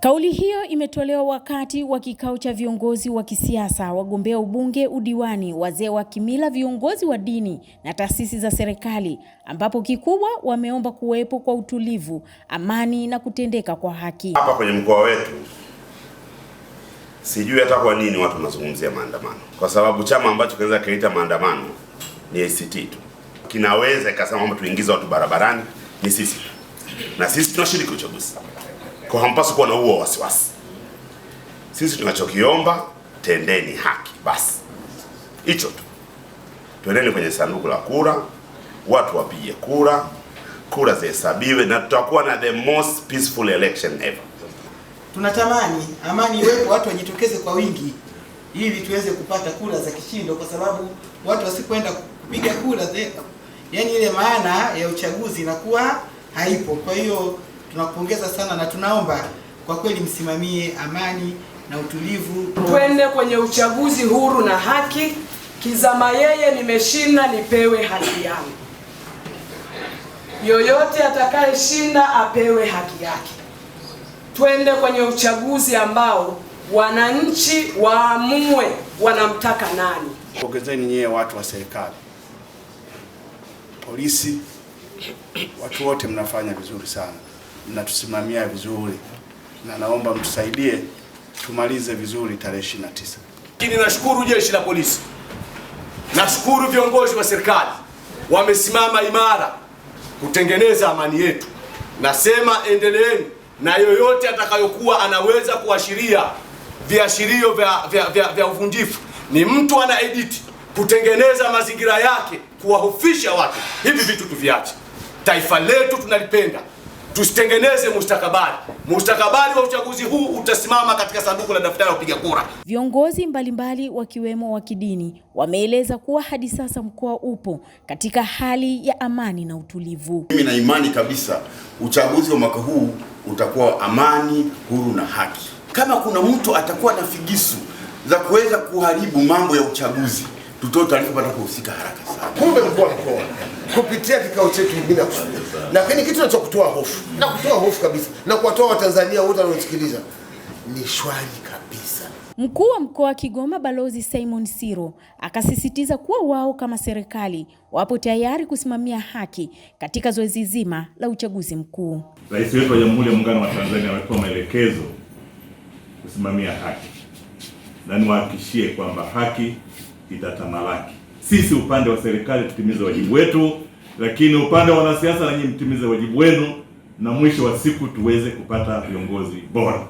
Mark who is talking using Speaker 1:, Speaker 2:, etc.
Speaker 1: Kauli hiyo imetolewa wakati wa kikao cha viongozi wa kisiasa, wagombea ubunge, udiwani, wazee wa kimila, viongozi wa dini na taasisi za serikali, ambapo kikubwa wameomba kuwepo kwa utulivu, amani na kutendeka kwa haki.
Speaker 2: Hapa kwenye mkoa wetu sijui hata kwa nini watu wanazungumzia maandamano, kwa sababu chama ambacho kinaweza kikaita maandamano ni ACT tu, kinaweza ikasema kwamba tuingize watu barabarani, ni sisi na sisi tunashiriki uchaguzi. Kwa hampaswi kuwa na huo wasiwasi. Sisi tunachokiomba tendeni haki basi, hicho tu. Tuendeni kwenye sanduku la kura, watu wapige kura, kura zihesabiwe, na tutakuwa na the most peaceful election ever.
Speaker 3: Tunatamani amani iwepo, watu wajitokeze kwa wingi ili tuweze kupata kura za kishindo, kwa sababu watu wasipoenda kupiga kura, yaani ile maana ya uchaguzi inakuwa haipo. Kwa hiyo tunakupongeza sana na tunaomba kwa kweli msimamie amani na utulivu,
Speaker 4: twende kwenye uchaguzi huru na haki. Kizama yeye nimeshinda, nipewe haki yangu. Yoyote atakayeshinda apewe haki yake. Twende kwenye uchaguzi ambao wananchi waamue wanamtaka nani.
Speaker 2: Pongezeni nyie watu wa serikali, polisi, watu wote mnafanya vizuri sana mnatusimamia vizuri, na naomba mtusaidie tumalize vizuri tarehe 29. Lakini nashukuru jeshi la polisi, nashukuru viongozi wa serikali wamesimama imara kutengeneza amani yetu. Nasema endeleeni, na yoyote atakayokuwa anaweza kuashiria viashirio vya, vya, vya, vya uvunjifu ni mtu ana edit kutengeneza mazingira yake kuwahofisha watu. Hivi vitu tuviache, taifa letu tunalipenda tusitengeneze mustakabali. Mustakabali wa uchaguzi huu utasimama katika sanduku la daftari la wapiga kura.
Speaker 1: Viongozi mbalimbali wakiwemo wa kidini wameeleza kuwa hadi sasa mkoa upo katika hali ya amani na utulivu.
Speaker 2: Mimi na imani kabisa uchaguzi wa mwaka huu utakuwa amani, huru na haki. Kama kuna mtu atakuwa na figisu za kuweza kuharibu mambo ya uchaguzi tutoe taarifa kuhusika haraka sana. Kumbe mkuu wa mkoa kupitia kikao chetu binafsi, lakini kitu cha kutoa hofu na kutoa hofu kabisa na kuwatoa Watanzania wote wanaosikiliza ni shwari kabisa.
Speaker 1: Mkuu wa mkoa wa Kigoma Balozi Simon Siro akasisitiza kuwa wao kama serikali wapo tayari kusimamia haki katika zoezi zima la uchaguzi mkuu.
Speaker 2: Rais wetu wa Jamhuri ya Muungano wa Tanzania ametoa maelekezo kusimamia haki, na niwahakikishie kwamba haki itatamalaki. Sisi upande wa serikali tutimize wajibu wetu, lakini upande wa wanasiasa, nanyi mtimize wajibu wenu, na mwisho wa siku tuweze kupata viongozi bora.